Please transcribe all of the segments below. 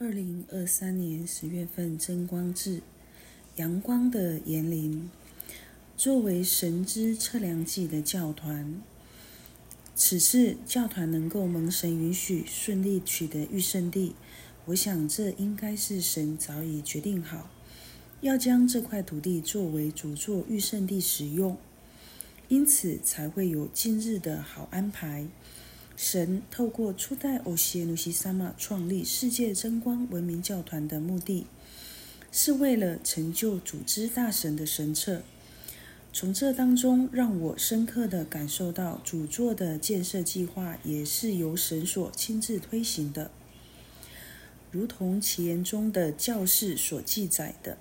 二零二三年十月份，真光誌，陽光的言靈，作為神之測量計的教團，此次教團能夠蒙神允許，順利取得御聖地，我想這應該是神早已決定好，要將這塊土地作為主座御聖地使用，因此才會有今日的好安排。神透過初代歐西努西薩瑪創立世界真光文明教團的目的，是為了成就主之大神的神策。從這當中，讓我深刻地感受到主座的建設計劃也是由神所親自推行的。如同其言中的教士所記載的，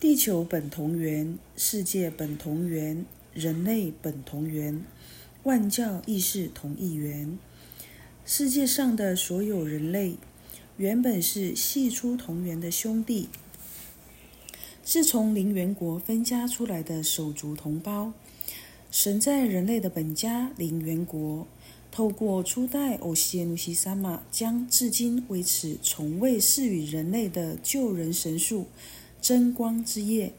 地球本同源，世界本同源，人類本同源。萬教亦是同一源，世界上的所有人類，原本是系出同源的兄弟，是從靈源國分家出來的手足同胞。神在人類的本家靈源國，透過初代歐西耶努西三馬，將至今為止從未示與人類的救人神術、真光之業，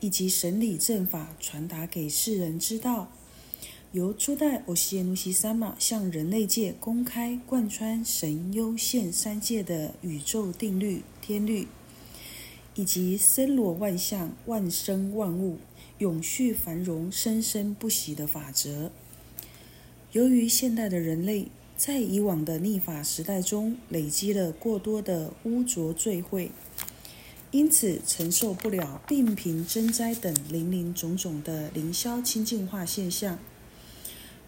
以及神理正法，傳達給世人知道。由初代阿修羅盧西三馬向人類界公開貫穿神幽現三界的宇宙定律天律，以及森羅萬象、萬生萬物永續繁榮、生生不息的法則。由於現代的人類在以往的逆法時代中累積了過多的污濁罪穢，因此承受不了病貧、爭災等林林總總的靈霄清淨化現象。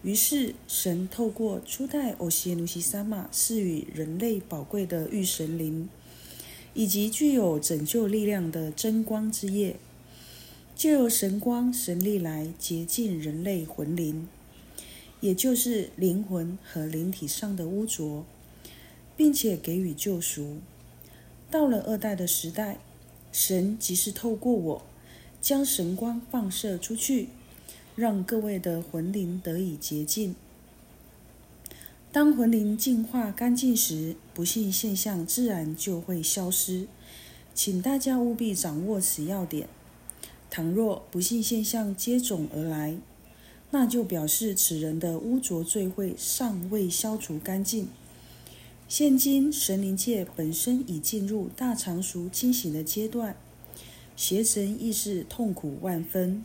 於是，神透過初代歐西耶努西薩瑪賜予人類寶貴的御神靈，以及具有拯救力量的真光之夜，借由神光神力來潔淨人類魂靈，也就是靈魂和靈體上的污濁，並且給予救贖。到了二代的時代，神即是透過我，將神光放射出去。讓各位的魂靈得以潔淨。當魂靈淨化乾淨時，不幸現象自然就會消失。請大家務必掌握此要點。倘若不幸現象接踵而來，那就表示此人的污濁罪穢尚未消除乾淨。現今神靈界本身已進入大成熟清醒的階段，邪神亦是痛苦萬分。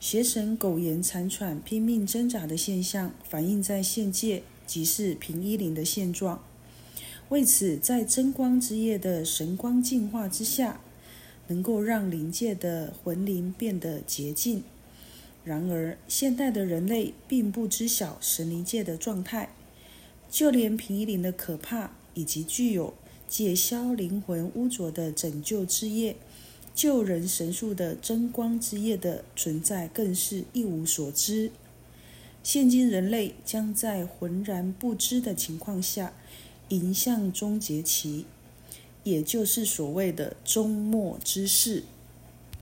邪神苟延殘喘、拼命掙扎的現象，反映在現界即是憑依靈的現狀。為此，在真光之夜的神光淨化之下，能夠讓靈界的魂靈變得潔淨。然而，現代的人類並不知曉神靈界的狀態，就連憑依靈的可怕以及具有解消靈魂污濁的拯救之夜。救人神術的真光之夜的存在，更是一無所知。現今人類將在渾然不知的情況下，迎向終結期，也就是所謂的終末之世。